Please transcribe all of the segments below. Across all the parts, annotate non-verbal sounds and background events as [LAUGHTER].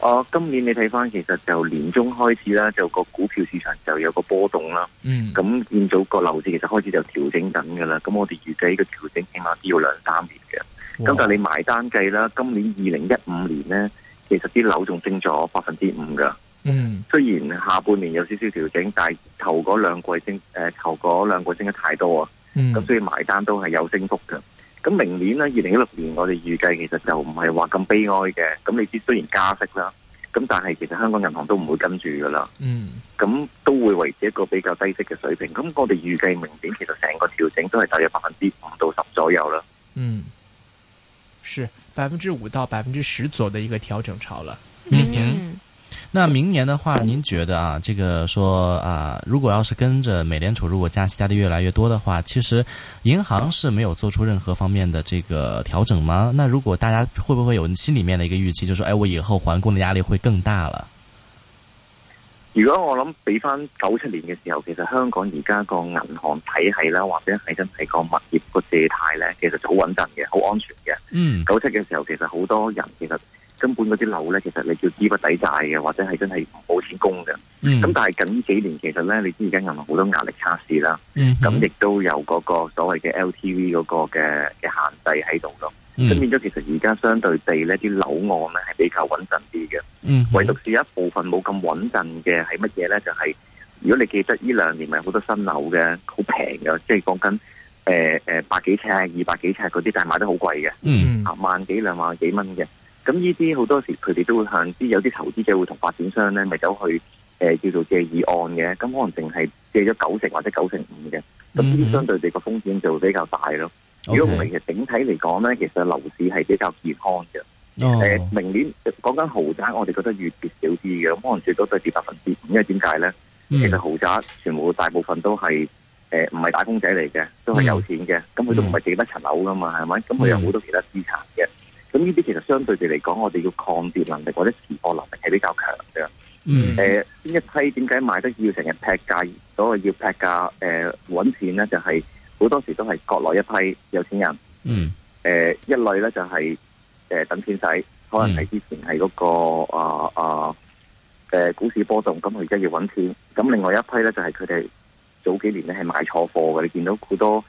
哦、呃，今年你睇返，其實就年中開始啦，就個股票市場就有個波動啦。嗯，咁見到個樓市其實開始就調整緊噶啦。咁我哋預計個調整起碼都要兩三年嘅。咁哇但係你埋單計啦，今年二零一五年呢，其實啲樓仲升咗百分之五噶。嗯，雖然下半年有少少調整，但係頭嗰兩季升誒、呃，頭嗰兩季升得太多啊。咁、嗯、所以埋單都係有升幅㗎。咁明年呢，二零一六年我哋預計其實就唔係話咁悲哀嘅。咁你知雖然加息啦，咁但係其實香港銀行都唔會跟住噶啦。嗯，咁都會維持一個比較低息嘅水平。咁我哋預計明年其實成個調整都係大約百分之五到十左右啦。嗯，是百分之五到百分之十左右嘅一個調整潮啦。嗯。嗯嗯那明年的話，您覺得啊，這個說啊，如果要是跟着美聯儲，如果加息加得越來越多的話，其實銀行是沒有做出任何方面的這個調整嗎？那如果大家會不會有心裏面的一個預期，就說，哎，我以後還供的壓力會更大了？如果我諗俾翻九七年嘅時候，其實香港而家個銀行體系啦，或者係真係個物業個借貸呢，其實就好穩陣嘅，好安全嘅。嗯。九七嘅時候，其實好多人其實。根本嗰啲樓咧，其實你叫資不抵債嘅，或者係真係冇錢供嘅。咁、嗯、但係近幾年，其實咧你知而家銀行好多壓力測試啦。咁亦都有嗰個所謂嘅 LTV 嗰個嘅嘅限制喺度咯。咁、嗯、變咗其實而家相對地呢啲樓案樓按咧係比較穩陣啲嘅。嗯嗯、唯獨是一部分冇咁穩陣嘅係乜嘢咧？就係、是、如果你記得呢兩年咪好多新樓嘅，好平嘅，即係講緊誒誒百幾尺、二百幾尺嗰啲，但係買得好貴嘅。萬幾兩萬幾蚊嘅。咁呢啲好多時，佢哋都會向啲有啲投資者會同發展商咧，咪走去、呃、叫做借二按嘅，咁可能淨係借咗九成或者九成五嘅，咁呢啲相對地個風險就會比較大咯。Okay. 如果唔係，其實整體嚟講咧，其實樓市係比較健康嘅。誒、oh. 呃，明年講緊豪宅，我哋覺得越跌少啲嘅，咁可能最多都係跌百分之五，因為點解咧？Mm hmm. 其實豪宅全部大部分都係唔係打工仔嚟嘅，都係有錢嘅，咁佢、mm hmm. 都唔係借得層樓噶嘛，係咪？咁佢、mm hmm. 有好多其他資產嘅。呢啲其實相對地嚟講，我哋要抗跌能力或者持貨能力係比較強嘅。嗯、mm. 呃。誒，邊一批點解買得要成日劈價？所謂要劈價，誒、呃，搵錢咧，就係、是、好多時都係國內一批有錢人。嗯。誒，一類咧就係、是、誒、呃、等錢使，可能係之前係嗰、那個啊啊誒股市波動，咁佢而家要搵錢。咁另外一批咧就係佢哋早幾年咧係買錯貨嘅，你見到好多誒、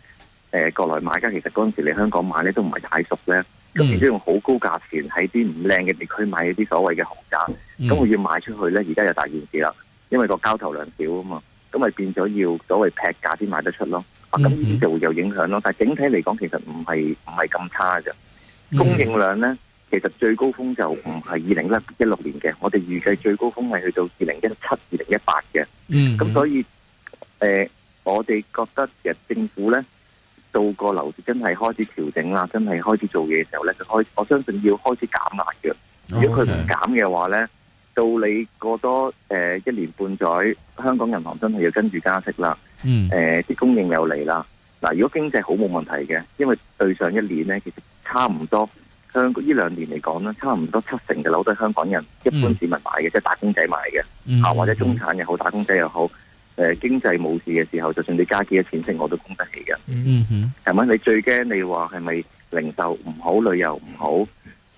呃、國內買家，其實嗰陣時嚟香港買咧都唔係太熟咧。咁然都用好高價錢喺啲唔靚嘅地區買一啲所謂嘅豪宅，咁、嗯、要賣出去咧，而家又大件事啦，因為個交投量少啊嘛，咁咪變咗要所謂劈價先賣得出咯。咁呢啲就會有影響咯。嗯嗯，但係整體嚟講，其實唔係唔係咁差嘅。供應量咧，其實最高峰就唔係二零一一六年嘅，我哋預計最高峰係去到二零一七、二零一八嘅。嗯、嗯，咁所以誒、呃，我哋覺得其實政府咧。到個樓市真係開始調整啦，真係開始做嘢嘅時候咧，就開始我相信要開始減壓嘅。如果佢唔減嘅話咧，到你過多誒、呃、一年半載，香港銀行真係要跟住加息啦。嗯、呃，誒啲供應又嚟啦。嗱，如果經濟好冇問題嘅，因為對上一年咧，其實差唔多香港，呢兩年嚟講咧，差唔多七成嘅樓都係香港人一般市民買嘅，嗯、即係打工仔買嘅，啊、嗯、或者中產又好，打工仔又好。誒，經濟冇事嘅時候，就算你加幾多錢先，我都供得起嘅。嗯哼，係咪？你最驚你話係咪零售唔好，旅遊唔好？誒、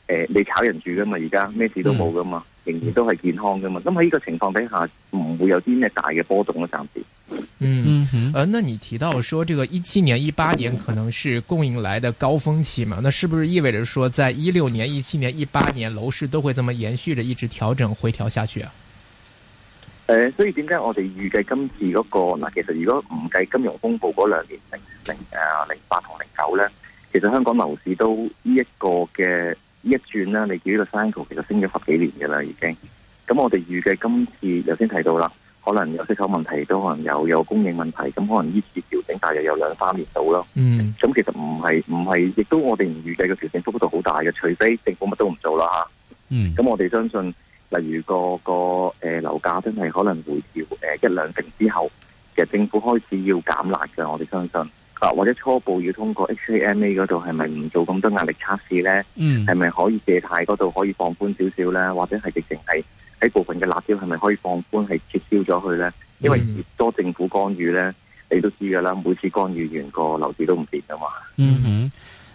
呃，你炒人住噶嘛？而家咩事都冇噶嘛，仍然、嗯、都係健康噶嘛。咁喺呢個情況底下，唔會有啲咩大嘅波動咯，暫時、嗯。嗯哼，啊、呃，那你提到說，這個一七年、一八年可能是供應來的高峰期嘛？那是不是意味着說，在一六年、一七年、一八年樓市都會咁樣延續着一直調整、回調下去啊？誒、呃，所以點解我哋預計今次嗰、那個嗱，其實如果唔計金融風暴嗰兩年零零誒零八同零九咧，其實香港樓市都呢一個嘅呢一轉咧，你叫呢個 cycle 其實升咗十幾年嘅啦，已經。咁我哋預計今次有先提到啦，可能有息口問題都可能有，有供應問題，咁可能呢次調整，大約有兩三年到咯。嗯。咁其實唔係唔係，亦都我哋唔預計個調整幅度好大嘅，除非政府乜都唔做啦吓。嗯。咁我哋相信。例如、嗰個、嗰個誒、呃、樓價真係可能回調誒、呃、一兩成之後，其實政府開始要減辣㗎，我哋相信啊，或者初步要通過 HKMA 嗰度係咪唔做咁多壓力測試咧？嗯，係咪可以借貸嗰度可以放寬少少咧？或者係直情係喺部分嘅辣招係咪可以放寬係撤銷咗佢咧？因為越多政府干預咧，你都知㗎啦，每次干預完、嗰個樓市都唔變㗎嘛。嗯哼。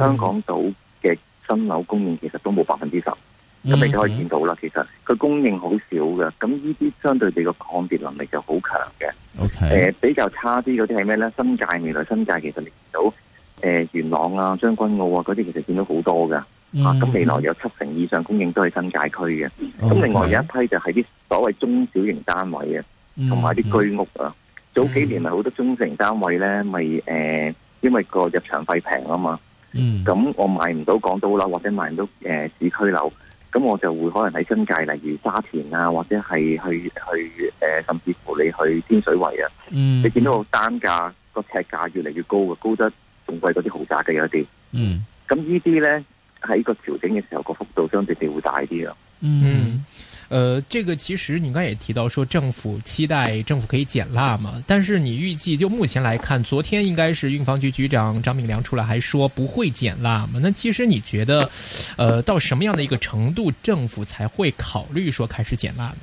Mm hmm. 香港島嘅新樓供應其實都冇百分之十，咁、mm hmm. 你都可以見到啦。其實佢供應好少嘅，咁呢啲相對地個抗跌能力就好強嘅。誒 Okay.、呃、比較差啲嗰啲係咩咧？新界未來新界其實你見到誒、呃、元朗啊、將軍澳啊嗰啲，其實見到好多噶。Mm hmm. 啊，咁未來有七成以上供應都係新界區嘅。咁 Okay. 另外有一批就係啲所謂中小型單位啊，同埋啲居屋啊。早、mm hmm. 幾年咪好多中小型單位咧，咪誒、mm hmm. 因為個、呃、入場費平啊嘛。嗯，咁我買唔到港島樓，或者買唔到誒、呃、市區樓，咁我就會可能喺新界，例如沙田啊，或者係去去誒、呃，甚至乎你去天水圍啊，嗯，你見到個單價個尺價越嚟越高嘅，高得仲貴過啲豪宅嘅有啲，嗯，咁呢啲咧喺個調整嘅時候，個幅度相對地會大啲啊，嗯。嗯呃，這個其實你剛才也提到說政府期待政府可以減辣嘛，但是你預計就目前來看，昨天應該是運房局局長張炳良出來，還說不會減辣嘛？那其實你覺得，呃，到什麼樣的一個程度政府才會考慮說開始減辣呢？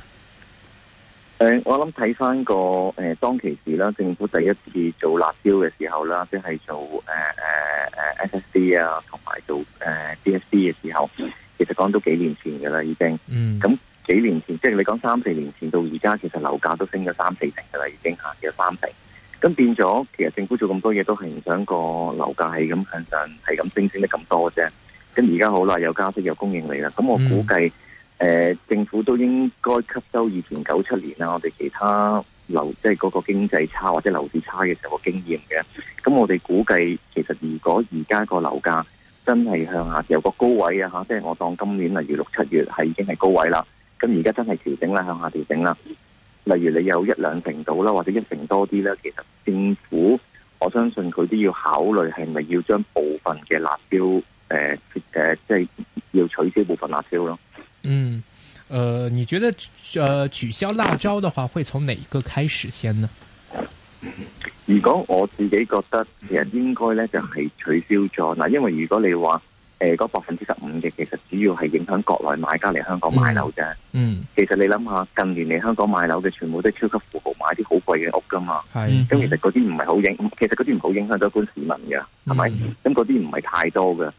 呃、我諗睇返個誒、呃，當其時啦，政府第一次做辣招嘅時候啦，即、就、係、是、做誒誒、呃、誒、呃、SSD 啊，同埋做 DSD 嘅時候，其實講都幾年前㗎喇，已經，嗯，咁、嗯。幾年前，即係你講三四年前到而家，其實樓價都升咗三四成噶啦，已經升咗三成。咁變咗，其實政府做咁多嘢都係唔想個樓價係咁向上，係咁升升得咁多啫。咁而家好啦，有加息有供應嚟啦。咁我估計，誒、嗯呃，政府都應該吸收以前九七年啦，我哋其他樓即係嗰個經濟差或者樓市差嘅時候個經驗嘅。咁我哋估計，其實如果而家個樓價真係向下有個高位啊吓，即係我當今年例如六七月係已經係高位啦。咁而家真係調整啦，向下調整啦。例如你有一兩成度啦，或者一成多啲咧，其實政府我相信佢都要考慮係咪要將部分嘅辣招，呃、即係要取消部分辣招咯。嗯，誒、呃，你覺得、呃、取消辣招嘅話，會從哪一個開始先呢？如果我自己覺得，其實應該咧就係取消咗嗱，因為如果你話。誒，嗰百分之十五嘅其實主要係影響國內買家嚟香港買樓啫，嗯。嗯，其實你諗下，近年嚟香港買樓嘅全部都係超級富豪買啲好貴嘅屋噶嘛。係，嗯，咁，嗯，其實嗰啲唔係好影響，其實嗰啲唔好影響到一般市民嘅，係咪？咁嗰啲唔係太多嘅。誒，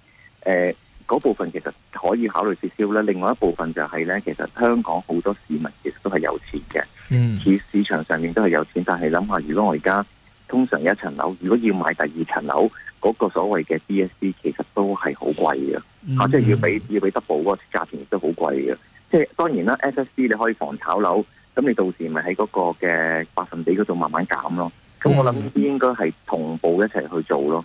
呃，嗰部分其實可以考慮撤銷啦。另外一部分就係、是、咧，其實香港好多市民其實都係有錢嘅。市，嗯，市場上面都係有錢，但係諗下，如果我而家通常有一層樓，如果要買第二層樓。嗰個所謂嘅 DSD 其實都係好貴嘅、mm hmm. 啊，即係要俾要俾 double 嗰個價錢亦都好貴嘅。即係當然啦，SSD 你可以防炒樓，咁你到時咪喺嗰個嘅百分比嗰度慢慢減咯。咁我諗呢啲應該係同步一齊去做咯。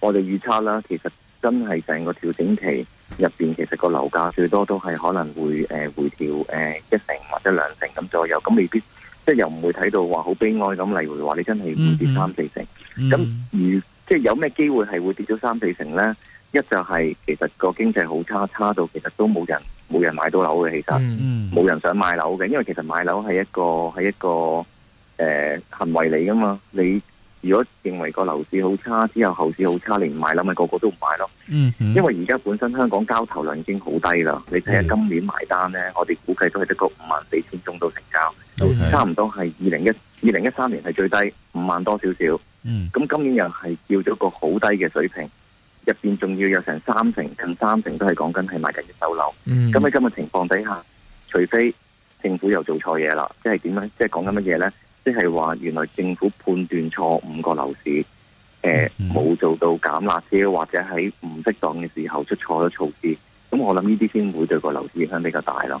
我哋預測啦，其實真係成個調整期入邊，其實個樓價最多都係可能會誒回調誒一成或者兩成咁左右，咁未必即係又唔會睇到話好悲哀咁例如話你真係會跌三四成。咁如、mm hmm. 即係有咩機會係會跌到三四成咧？一就係、是、其實個經濟好差，差到其實都冇人冇人買到樓嘅，其實冇、mm hmm. 人想買樓嘅，因為其實買樓係一個係一個誒、呃、行為嚟噶嘛，你。如果認為個樓市好差，之後後市好差，你唔買諗咪個個都唔買咯。嗯、mm，hmm. 因為而家本身香港交投量已經好低啦。你睇下今年埋單咧，mm hmm. 我哋估計都係得個五萬四千宗到成交，mm hmm. 差唔多係二零一二零一三年係最低五萬多少少。嗯、mm，咁、hmm. 今年又係叫咗個好低嘅水平，入邊仲要有成三成，近三成都係講緊係賣緊嘅一手樓。嗯、mm，咁、hmm. 喺今日情況底下，除非政府又做錯嘢啦，即係點樣？即係講緊乜嘢咧？即係話，是說原來政府判斷錯五個樓市，誒、呃，冇、嗯、做到減辣，或者喺唔適當嘅時候出錯嘅措施，咁我諗呢啲先會對個樓市影響比較大咯。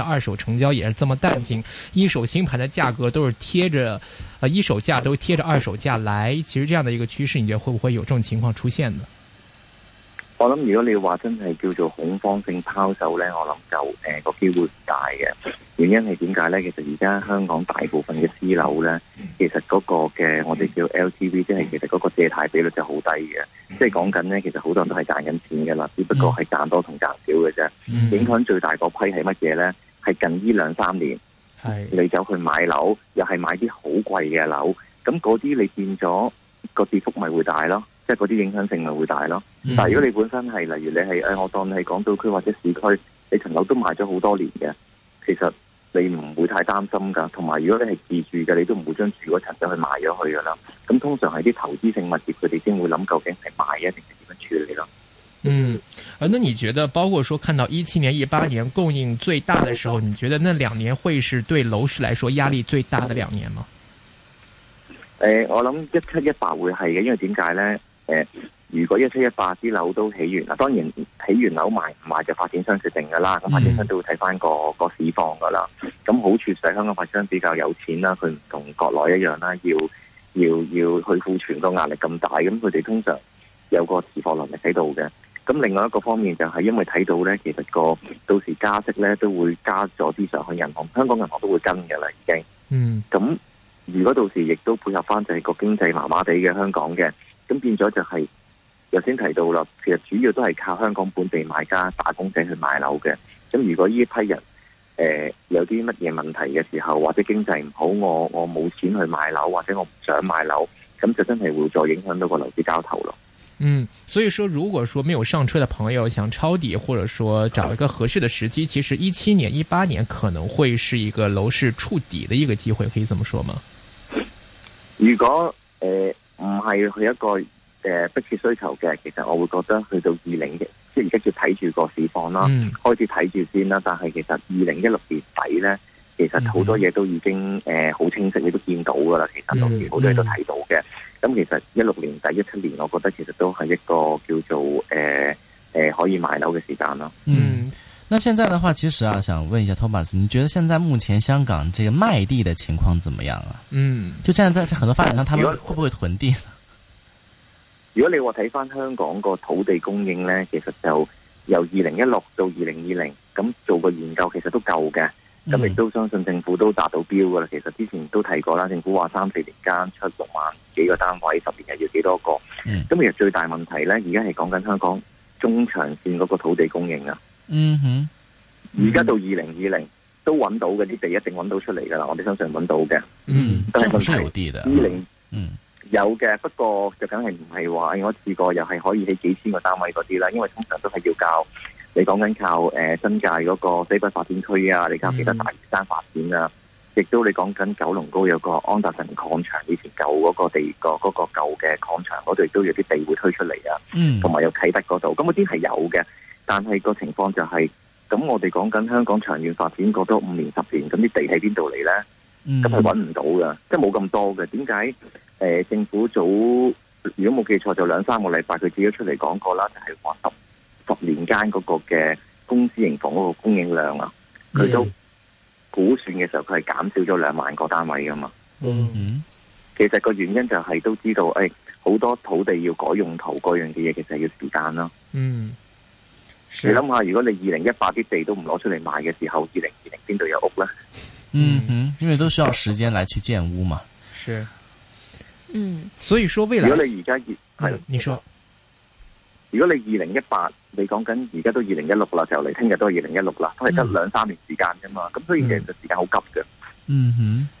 二手成交也是這麼淡靜，一手新盤的價格都是貼着，啊、呃，一手價都貼着二手價來。其實這樣的一個趨勢，你覺得會不會有這種情況出現呢？我諗如果你話真係叫做恐慌性拋售呢，我諗就誒個機會唔大嘅。原因係點解呢？其實而家香港大部分嘅私樓呢，嗯、其實嗰個嘅我哋叫 LTV、嗯、即係其實嗰個借貸比率就好低嘅。嗯、即係講緊呢，其實好多人都係賺緊錢噶啦，只不過係賺多同賺少嘅啫。影響、嗯、最大個批係乜嘢呢？係近呢兩三年，係你走去買樓，又係買啲好貴嘅樓，咁嗰啲你變咗個跌幅咪會大咯，即係嗰啲影響性咪會大咯。但係如果你本身係，例如你係誒、哎，我當你係港島區或者市區，你層樓都賣咗好多年嘅，其實你唔會太擔心噶。同埋，如果你係自住嘅，你都唔會將住嗰層走去賣咗去噶啦。咁通常係啲投資性物業，佢哋先會諗究竟係賣啊定係點樣處理咯。嗯。啊，那你覺得包括說，看到一七年、一八年供應最大的時候，你覺得那兩年會是對樓市來說壓力最大的兩年嗎？誒、呃，我諗一七一八會係嘅，因為點解咧？誒、呃，如果一七一八啲樓都起完啦，當然起完樓賣唔賣就發展商決定噶啦，咁、嗯、發展商都會睇翻個個市況噶啦。咁好處就係香港發展商比較有錢啦，佢唔同國內一樣啦，要要要去庫存個壓力咁大，咁佢哋通常有個持貨能力喺度嘅。咁另外一個方面就係，因為睇到呢，其實個到時加息呢都會加咗啲上海銀行、香港銀行都會跟㗎啦，已經。嗯，咁如果到時亦都配合翻，就係個經濟麻麻地嘅香港嘅，咁變咗就係頭先提到啦，其實主要都係靠香港本地買家、打工仔去買樓嘅。咁如果呢一批人，誒、呃、有啲乜嘢問題嘅時候，或者經濟唔好，我我冇錢去買樓，或者我唔想買樓，咁就真係會再影響到個樓市交投咯。嗯，所以說，如果說沒有上車的朋友想抄底，或者說找一個合適的時機，其實一七年、一八年可能會是一個樓市觸底的一個機會，可以這麼說嗎？如果誒唔係去一個誒迫切需求嘅，其實我會覺得去到二零，即係一直睇住個市況啦，嗯、開始睇住先啦。但係其實二零一六年底呢。其實好多嘢都已經誒好清晰，你都見到噶啦。其實當時好多嘢都睇到嘅。咁、嗯嗯、其實一六年第一七年，年我覺得其實都係一個叫做誒誒、呃呃、可以買樓嘅時間咯。嗯，那現在的話，其實啊，想問一下 Thomas，你覺得現在目前香港這個賣地的情況怎麼樣啊？嗯，就現在在很多發展商，他們會不會囤地如，如果你話睇翻香港個土地供應呢，其實就由二零一六到二零二零，咁做個研究，其實都夠嘅。咁亦都相信政府都達到標噶啦。其實之前都提過啦，政府話三四年間出六萬幾個單位，十年係要幾多個。咁其實最大問題呢，而家係講緊香港中長線嗰個土地供應啊、嗯。嗯哼，而家到二零二零都揾到嘅啲地一定揾到出嚟噶啦，我哋相信揾到嘅。嗯，真咁有啲的。二零 20,、嗯、有嘅，不過就梗係唔係話我試過又係可以喺幾千個單位嗰啲啦，因為通常都係要搞。你講緊靠誒新界嗰個西北發展區啊，你靠其他大嶼山發展啊，亦都你講緊九龍高有個安達臣礦場以前舊嗰個地，那個嗰個舊嘅礦場嗰度亦都有啲地會推出嚟啊，同埋、嗯、有啟德嗰度，咁嗰啲係有嘅，但係個情況就係、是、咁，我哋講緊香港長遠發展，過多五年十年，咁啲地喺邊度嚟咧？咁係搵唔到噶，即係冇咁多嘅。點解？誒、呃，政府早如果冇記錯，就兩三個禮拜佢自己出嚟講過啦，就係、是、放十年間嗰個嘅公私營房嗰個供應量啊，佢都估算嘅時候，佢係減少咗兩萬個單位噶嘛。嗯哼，其實個原因就係都知道，誒、哎，好多土地要改用途，各樣嘅嘢其實係要時間咯。嗯，你諗下，如果你二零一八啲地都唔攞出嚟賣嘅時候，二零二零邊度有屋咧？嗯哼，因為都需要時間嚟去建屋嘛。是，嗯，所以說未來如果你而家係你說。如果你二零一八，你講緊而家都二零一六啦，就嚟聽日都係二零一六啦，都係得兩三年時間咋嘛，咁、mm hmm. 所以其實時間好急嘅。嗯哼、mm。Hmm.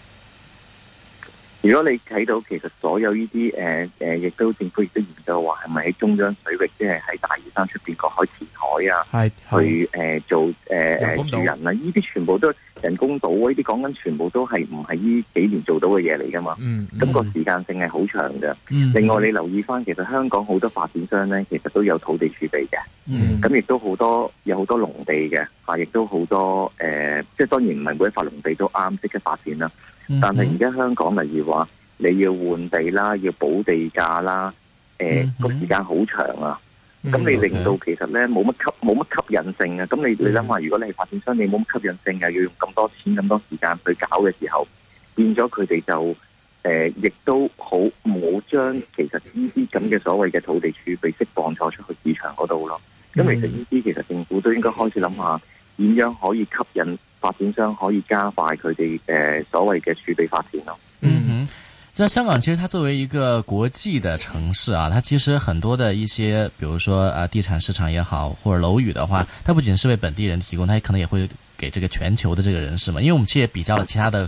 如果你睇到，其實所有呢啲誒亦都政府亦都研究話，係咪喺中央水域，即係喺大嶼山出邊個海填海啊？係去誒、呃、做誒誒住人啦，呢啲全部都人工島，呢啲講緊全部都係唔係呢幾年做到嘅嘢嚟噶嘛嗯？嗯，咁個時間性係好長嘅。嗯、另外你留意翻，其實香港好多發展商咧，其實都有土地儲備嘅。嗯，咁亦都好多有好多農地嘅，嚇、啊，亦都好多誒、呃，即係當然唔係每塊農地都啱即刻發展啦。但係而家香港例如話，你要換地啦，要補地價啦，誒、呃、個、嗯嗯、時間好長啊，咁你令到其實咧冇乜吸冇乜吸引性啊，咁、嗯、你你諗下，如果你係發展商，你冇乜吸引性，又要用咁多錢、咁多時間去搞嘅時候，變咗佢哋就誒亦、呃、都好唔好將其實呢啲咁嘅所謂嘅土地儲備釋放咗出去市場嗰度咯，咁、嗯嗯、其實呢啲其實政府都應該開始諗下點樣可以吸引。發展商可以加快佢哋誒所謂嘅儲備發展咯。嗯哼，在香港，其實它作為一個國際的城市啊，佢其實很多的一些，比如說啊，地產市場也好，或者樓宇的話，它不僅是為本地人提供，佢可能也會給這個全球的這個人士嘛。因為，我們其實比較了其他的。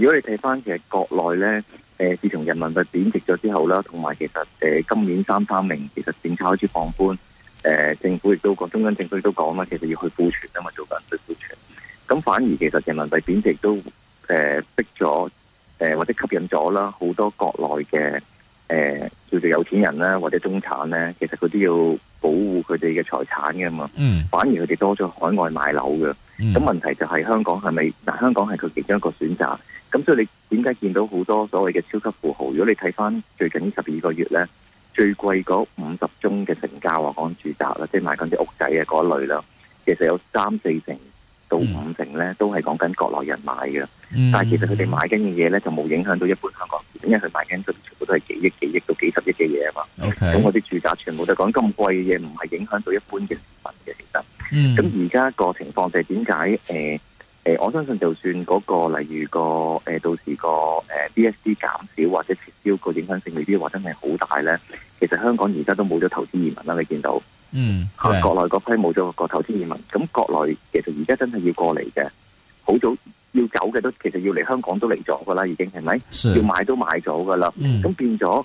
如果你睇翻其實國內咧，誒，自從人民幣貶值咗之後啦，同埋其實誒，今年三三零，其實政策開始放寬，誒，政府亦都講，中央政府亦都講嘛，其實要去庫存啊嘛，做緊去庫存。咁反而其實人民幣貶值都誒逼咗，誒或者吸引咗啦，好多國內嘅誒叫做有錢人咧或者中產咧，其實佢都要保護佢哋嘅財產噶嘛。嗯。反而佢哋多咗海外買樓嘅。咁問題就係香港係咪？嗱，香港係佢其中一個選擇。咁所以你點解見到好多所謂嘅超級富豪？如果你睇翻最近十二個月咧，最貴嗰五十宗嘅成交啊，講住宅啦，即係買緊啲屋仔啊嗰類啦，其實有三四成到五成咧，都係講緊國內人買嘅。嗯、但係其實佢哋買緊嘅嘢咧，就冇影響到一般香港人，因為佢買緊全部都係幾億、幾億到幾十億嘅嘢啊嘛。咁 Okay. 我啲住宅全部都講咁貴嘅嘢，唔係影響到一般嘅市民嘅。其實、嗯，咁而家個情況就係點解誒誒、呃，我相信就算嗰個例如、那個誒、呃、到時、那個誒、呃、BSD 減少或者撤銷個影響性未必話真係好大咧。其實香港而家都冇咗投資移民啦，你見到嗯，國內個批冇咗個投資移民，咁國內其實而家真係要過嚟嘅、好早要走嘅都其實要嚟香港都嚟咗噶啦，已經係咪？是是的要買都買咗噶啦，咁，嗯，變咗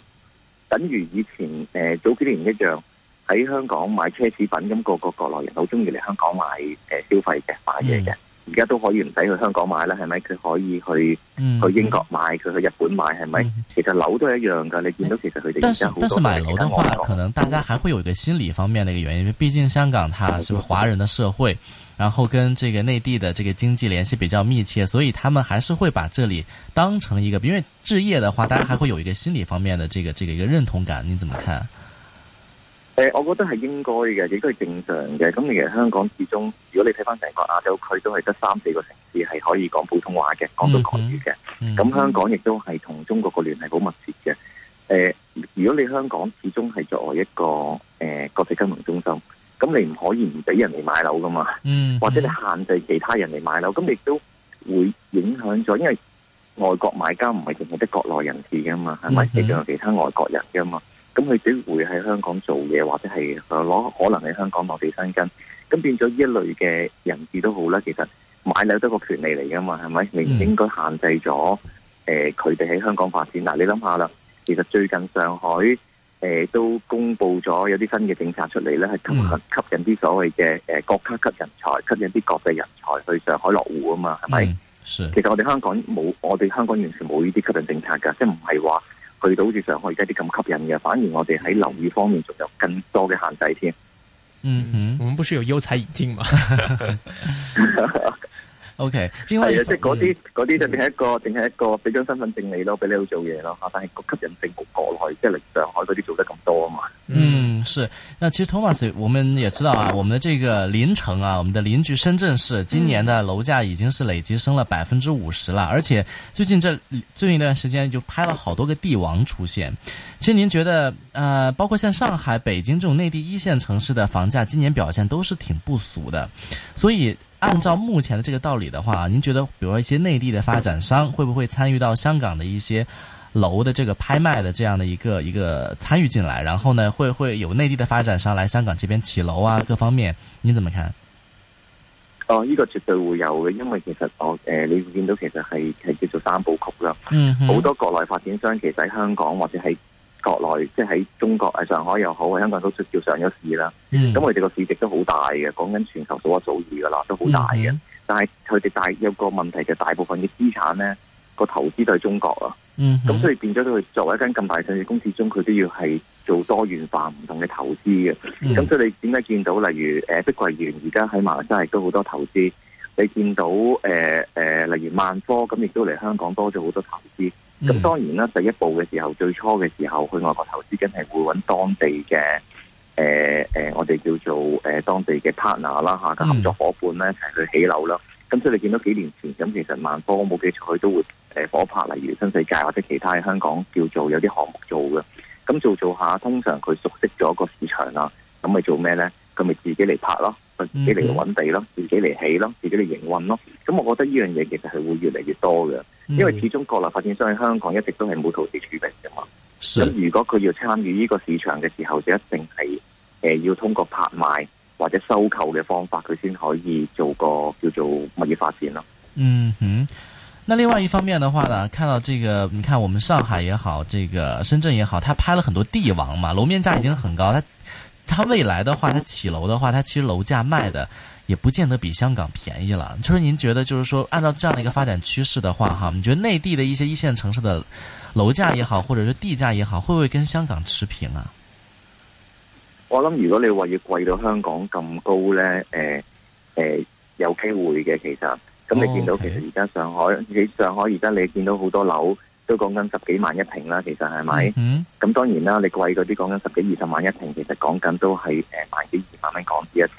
等於以前誒、呃、早幾年一樣喺香港買奢侈品，咁，個個國內人好中意嚟香港買誒、呃、消費嘅買嘢嘅。嗯而家都可以唔使去香港買啦，係咪？佢可以去去英國買，佢、嗯、去日本買，係咪？嗯、其實樓都係一樣噶。你見到其實佢哋但係但是買樓的話，可能大家還會有一個心理方面嘅一個原因，因為畢竟香港它是華人的社會，然後跟這個內地的這個經濟聯繫比較密切，所以他們還是會把這裡當成一個，因為置業的話，大家還會有一個心理方面的這個這個一個認同感。你怎麼看？誒，我覺得係應該嘅，亦都係正常嘅。咁其實香港始終，如果你睇翻成個亞洲區，都係得三四個城市係可以講普通話嘅，講到國語嘅。咁香港亦都係同中國個聯繫好密切嘅。誒，如果你香港始終係作為一個誒國際金融中心，咁你唔可以唔俾人嚟買樓噶嘛？嗯，或者你限制其他人嚟買樓，咁亦都會影響咗，因為外國買家唔係淨係得國內人士噶嘛，係咪？你仲有其他外國人噶嘛？咁佢只會喺香港做嘢，或者係攞可能喺香港落地生根，咁變咗呢一類嘅人士都好啦。其實買樓都係個權利嚟噶嘛，係咪？你唔應該限制咗誒，佢哋喺香港發展。嗱、啊，你諗下啦，其實最近上海誒、呃、都公布咗有啲新嘅政策出嚟咧，係吸引吸引啲所謂嘅誒國家級人才，吸引啲國際人才去上海落戶啊嘛，係咪？嗯、其實我哋香港冇，我哋香港完全冇呢啲吸引政策噶，即係唔係話。去到好似上海，而家啲咁吸引嘅，反而我哋喺留意方面仲有更多嘅限制添、嗯。嗯哼，我們不是有優才引進嘛。 [LAUGHS] [LAUGHS] OK，係啊，即係嗰啲嗰啲就淨係一個淨係一個俾張身份證你咯，俾你去做嘢咯，但係個吸引性冇國內即係你上海嗰啲做得咁多啊嘛。嗯，是。那其實 Thomas，我們也知道啊，我們的這個鄰城啊，我們的鄰居深圳市，今年的樓價已經是累積升了百分之五十了，而且最近這最近一段時間就拍了好多個地王出現。其實您覺得，呃，包括像上海、北京這種內地一線城市的房價，今年表現都是挺不俗的，所以。按照目前的這個道理的話，您覺得，比如說一些內地的發展商會不會參與到香港的一些樓的這個拍賣的這樣的一個一個參與進來？然後呢，會會有內地的發展商來香港這邊起樓啊，各方面，您怎麼看？哦，呢個絕對會有嘅，因為其實我誒、呃，你會見到其實係係叫做三部曲啦，嗯哼。好多國內發展商其實喺香港或者係。國內，即喺中國啊，上海又好，香港都出叫上咗市啦。咁佢哋個市值都好大嘅，講緊全球數一數二噶啦，都好大嘅。Mm hmm. 但係佢哋大有個問題就係，大部分嘅資產咧，個投資都係中國啊。咁、mm hmm. 所以變咗佢作為一間咁大上市公司中，佢都要係做多元化唔同嘅投資嘅。咁、mm hmm. 所以你點解見到例如誒碧桂園而家喺馬來西亞亦都好多投資，你見到誒誒、呃呃、例如萬科咁亦都嚟香港多咗好多投資。咁當然啦，第一步嘅時候，最初嘅時候去外國投資，緊係會揾當地嘅，誒、呃、誒，我哋叫做誒當地嘅 partner 啦嚇，嘅合作伙伴咧一齊去起樓啦。咁所以你見到幾年前咁，其實萬科冇記錯，佢都會誒夥拍，例如新世界或者其他喺香港叫做有啲項目做嘅。咁做一做下，通常佢熟悉咗個市場啦，咁咪做咩咧？佢咪自己嚟拍咯，自己嚟揾地咯、嗯哼，自己嚟起咯，自己嚟營運咯。咁我覺得呢樣嘢其實係會越嚟越多嘅，嗯、因為始終國內發展商喺香港一直都係冇土地儲備嘅嘛。咁是如果佢要參與呢個市場嘅時候，就一定係誒、呃、要通過拍賣或者收購嘅方法，佢先可以做個叫做乜嘢發展咯。嗯哼，那另外一方面嘅話咧，看到這個，你看我們上海也好，這個深圳也好，他拍了很多地王嘛，樓面價已經很高，它。它未來的話，它起樓的話，它其實樓價賣的也不見得比香港便宜了。就是您覺得，就是說，按照這樣的一個發展趨勢的話，哈、啊，你覺得內地的一些一線城市的樓價也好，或者是地價也好，會不會跟香港持平啊？我諗，如果你話要貴到香港咁高咧，誒、呃、誒、呃，有機會嘅。其實，咁你見到其實而家上海，你、Oh, okay. 上海而家你見到好多樓。都講緊十幾萬一平啦，其實係咪？咁、mm hmm. 當然啦，你貴嗰啲講緊十幾二十萬一平，其實講緊都係誒萬幾二萬蚊港紙一尺。咁、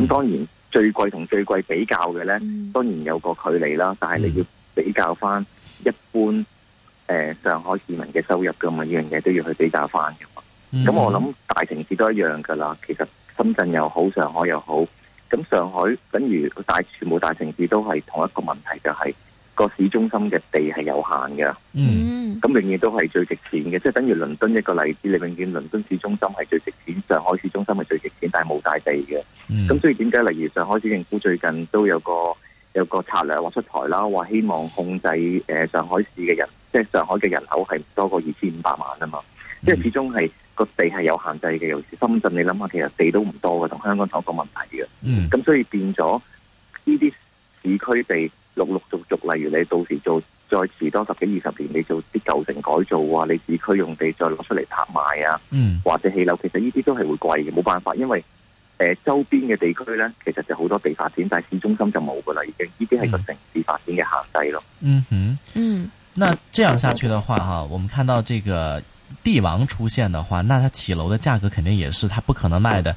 mm hmm. 當然最貴同最貴比較嘅呢，當然有個距離啦。但係你要比較翻一般誒、呃、上海市民嘅收入噶嘛，呢樣嘢都要去比較翻噶嘛。咁、mm hmm. 我諗大城市都一樣噶啦。其實深圳又好，上海又好，咁上海等於大全部大城市都係同一個問題，就係、是。個市中心嘅地係有限嘅，嗯、mm.，咁永遠都係最值錢嘅，即係等於倫敦一個例子，你永遠倫敦市中心係最值錢，上海市中心係最值錢，但係冇大地嘅，咁、mm. 所以點解例如上海市政府最近都有個有個策略話出台啦，話希望控制誒、呃、上海市嘅人，即、就、係、是、上海嘅人口係多過二千五百萬啊嘛，即係、mm. 始終係個地係有限制嘅，尤其是深圳，你諗下其實地都唔多嘅，同香港同一個問題嘅，嗯，咁所以變咗呢啲市區地。陸陸續續，例如你到時做再遲多十幾二十年，你做啲舊城改造啊，你市區用地再攞出嚟拍賣啊，或者起樓，其實呢啲都係會貴嘅，冇辦法，因為誒、呃、周邊嘅地區咧，其實就好多地發展，但係市中心就冇噶啦，已經呢啲係個城市發展嘅限制咯。嗯哼，嗯，那這樣下去嘅話，哈，我們看到這個地王出現嘅話，那它起樓嘅價格肯定也是，它不可能賣的。嗯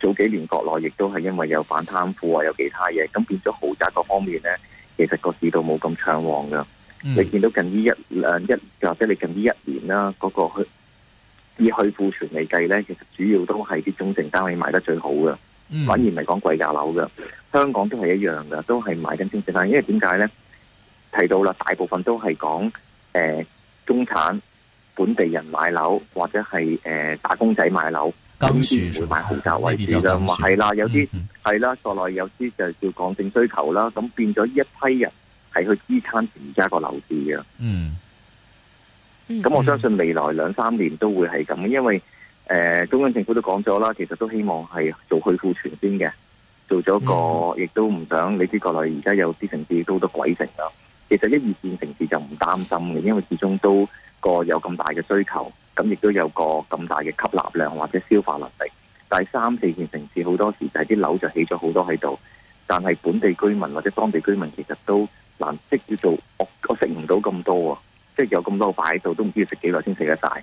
早幾年國內亦都係因為有反貪腐啊，有其他嘢，咁變咗豪宅各方面咧，其實個市道冇咁暢旺噶。嗯、你見到近呢一兩一，或者你近呢一年啦，嗰、嗰個以去庫存嚟計咧，其實主要都係啲中成單位賣得最好噶，嗯、反而唔係講貴價樓噶。香港都係一樣噶，都係買緊中成單位，因為點解咧？提到啦，大部分都係講誒中產本地人買樓，或者係誒、呃、打工仔買樓。跟住會買豪宅位置，係啦，有啲係啦，國內有啲就叫剛性需求啦，咁變咗呢一批人係去支撐而家個樓市嘅。嗯，咁我相信未來兩三年都會係咁，因為誒中央政府都講咗啦，其實都希望係做去庫存先嘅，做咗個亦、嗯、都唔想，你知國內而家有啲城市都好多鬼城啦、啊。其實一二線城市就唔擔心嘅，因為始終都。個有咁大嘅需求，咁亦都有個咁大嘅吸納量或者消化能力。但係三、四線城市好多時就係啲樓就起咗好多喺度，但係本地居民或者當地居民其實都難即係叫做我我食唔到咁多啊，即係有咁多擺喺度，都唔知要食幾耐先食得晒。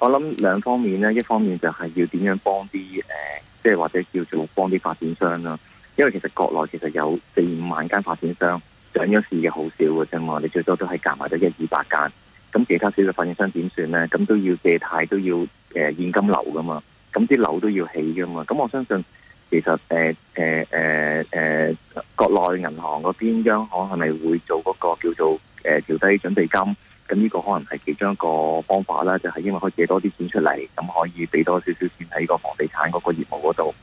我諗兩方面咧，一方面就係要點樣幫啲誒，即、呃、係或者叫做幫啲發展商啦、啊。因為其實國內其實有四五萬間發展商，上咗市嘅好少嘅啫嘛，你最多都係夾埋咗一二百間。咁其他少嘅發展商點算咧？咁都要借貸，都要誒、呃、現金流噶嘛。咁啲樓都要起噶嘛。咁我相信其實誒誒誒誒，國內銀行嗰邊央行係咪會做嗰、那個叫做誒、呃、調低準備金？咁呢個可能係其中一個方法啦，就係、是、因為可以借多啲錢出嚟，咁可以俾多少少錢喺個房地產嗰個業務嗰度。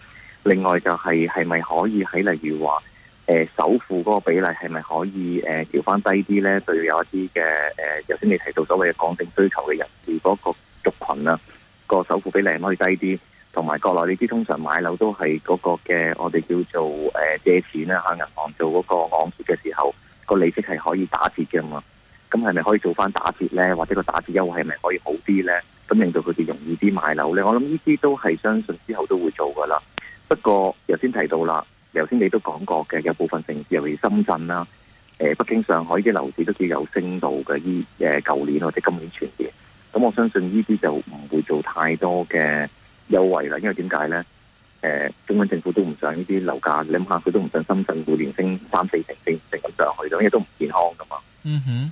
另外就係係咪可以喺例如話，誒、呃、首付嗰個比例係咪可以誒調翻低啲咧？就要有一啲嘅誒，頭、呃、先你提到所謂嘅剛性需求嘅人士嗰、嗰個族群啦，個首付比例可以低啲。同埋國內你知，通常買樓都係嗰個嘅，我哋叫做誒、呃、借錢啦、啊，喺銀行做嗰個按揭嘅時候，個利息係可以打折嘅嘛。咁係咪可以做翻打折咧？或者個打折優惠係咪可以好啲咧？咁令到佢哋容易啲買樓咧？我諗呢啲都係相信之後都會做噶啦。不過，頭先提到啦，頭先你都講過嘅，有部分城市，尤其深圳啦、誒北京、上海啲樓市都叫有升度嘅。依誒舊年或者今年全年，咁我相信呢啲就唔會做太多嘅優惠啦。因為點解咧？誒，中央政府都唔想呢啲樓價，你諗下，佢都唔想深圳每年升三四成、四成咁上去，因為都唔健康噶嘛。嗯哼。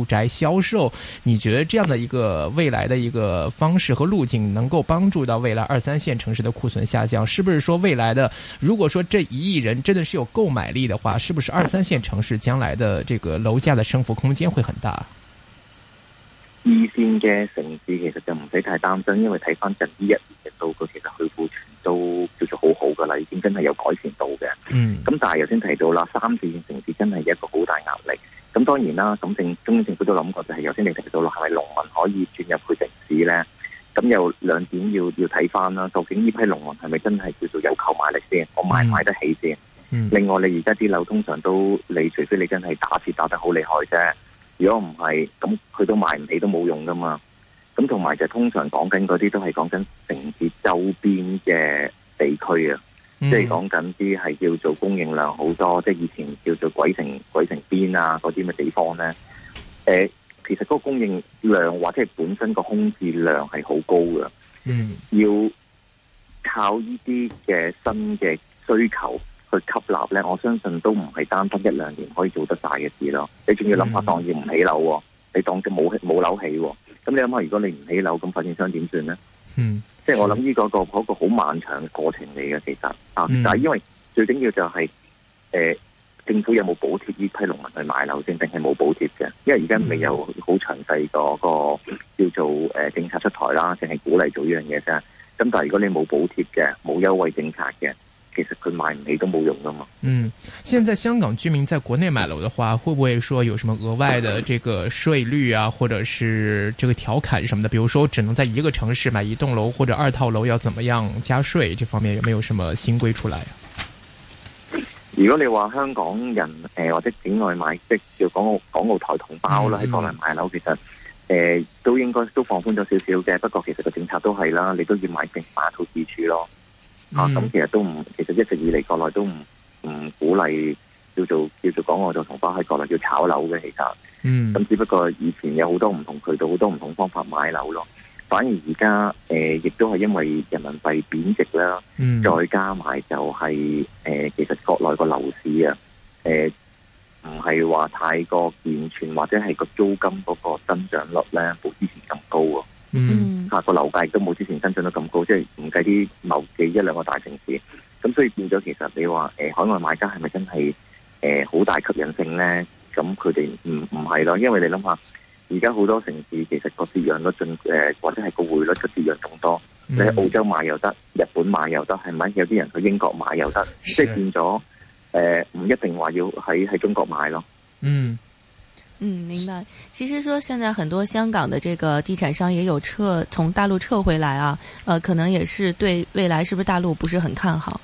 住宅銷售，你覺得這樣的一個未來的一個方式和路徑，能夠幫助到未來二三線城市的庫存下降？是不是說未來的，如果說這一億人真的是有購買力的話，是不是二三線城市將來的這個樓價的升幅空間會很大？二線嘅城市其實就唔使太擔心，因為睇翻近呢一年嘅數據，其實去庫存都叫做好好噶啦，已經真係有改善到嘅。嗯，咁但係頭先提到啦，三四線城市真係一個好大壓力。咁當然啦，咁政中央政府都諗過，就係有先你提到落，係咪農民可以轉入去城市咧？咁有兩點要要睇翻啦，究竟呢批農民係咪真係叫做有購買力先？我買買得起先。嗯、另外，你而家啲樓通常都，你除非你真係打折打得好厲害啫，如果唔係，咁佢都買唔起都冇用噶嘛。咁同埋就通常講緊嗰啲都係講緊城市周邊嘅地區。即係講緊啲係叫做供應量好多，即係以前叫做鬼城鬼城，邊啊嗰啲乜地方咧？誒、欸，其實嗰個供應量或者係本身個空置量係好高嘅。嗯，要靠呢啲嘅新嘅需求去吸納咧，我相信都唔係單止一兩年可以做得大嘅事咯。你仲要諗下，嗯、當要唔起樓，你當佢冇冇樓起，咁你諗下，如果你唔起樓，咁發展商點算咧？嗯。即係我諗呢個個好漫長嘅過程嚟嘅，其實啊，但係因為最緊要就係誒，政府有冇補貼呢批農民去買樓先，定係冇補貼嘅？因為而家未有好詳細嗰個叫做誒政策出台啦，淨係鼓勵做呢樣嘢啫。咁但係如果你冇補貼嘅，冇優惠政策嘅。其實佢買唔起都冇用噶嘛。嗯，現在香港居民在國內買樓的話，會不會說有什麼額外的這個稅率啊，或者是這個調侃什麼的？比如說只能在一個城市買一棟樓或者二套樓，要怎麼樣加稅？這方面有沒有什麼新規出來，啊？如果你話香港人誒、呃、或者境外買即叫港澳港澳台同胞啦，喺國內買樓，嗯、其實誒、呃、都應該都放寬咗少少嘅。不過其實個政策都係啦，你都要買定把套自住咯。嗯、啊，咁其實都唔，其實一直以嚟國內都唔唔鼓勵叫做叫做港澳做同胞喺國內叫炒樓嘅，其實，嗯，咁只不過以前有好多唔同渠道，好多唔同方法買樓咯，反而而家誒，亦都係因為人民幣貶值啦，嗯、再加埋就係、是、誒、呃，其實國內個樓市啊，誒、呃，唔係話太過健全，或者係個租金嗰個增長率咧，冇之前咁高嗯，吓個樓價亦都冇之前增長得咁高，即係唔計啲某幾一兩個大城市，咁所以變咗其實你話誒海外買家係咪真係誒好大吸引性咧？咁佢哋唔唔係咯，因為你諗下，而家好多城市其實個折讓都進誒，或者係個匯率嘅折讓仲多。你喺澳洲買又得，日本買又得，係咪？有啲人去英國買又得，即係變咗誒，唔一定話要喺喺中國買咯。嗯。嗯，明白。其實說現在很多香港的這個地產商也有撤從大陸撤回來啊，呃，可能也是對未來是不是大陸不是很看好。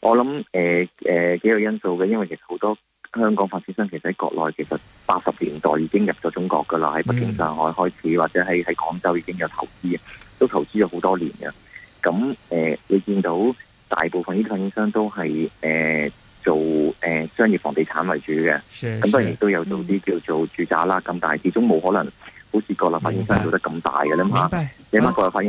我諗誒、誒幾個因素嘅，因為其實好多香港發展商其實喺國內其實八十年代已經入咗中國㗎喇，喺北京、上海開始、嗯、或者係喺廣州已經有投資，都投資咗好多年嘅。咁、嗯、誒、呃，你見到大部分呢啲發展商都係誒。呃做誒、呃、商業房地產為主嘅，咁是當然亦都有做啲叫做住宅啦。咁但係始終冇可能好似國內發展商做得咁大嘅啦嘛，你問國內發展？啊